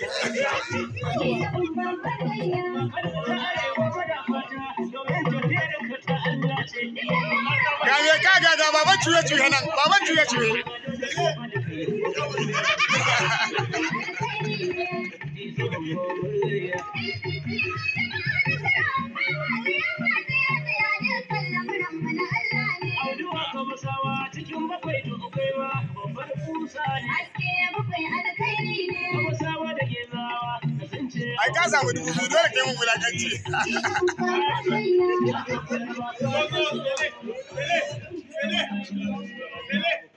Gaje kaga ga baban cuye cuye nan baban cuye cuye. Cikin bakwai to ai ka samu dubu biyu dole kai mun wulakanci Thank you.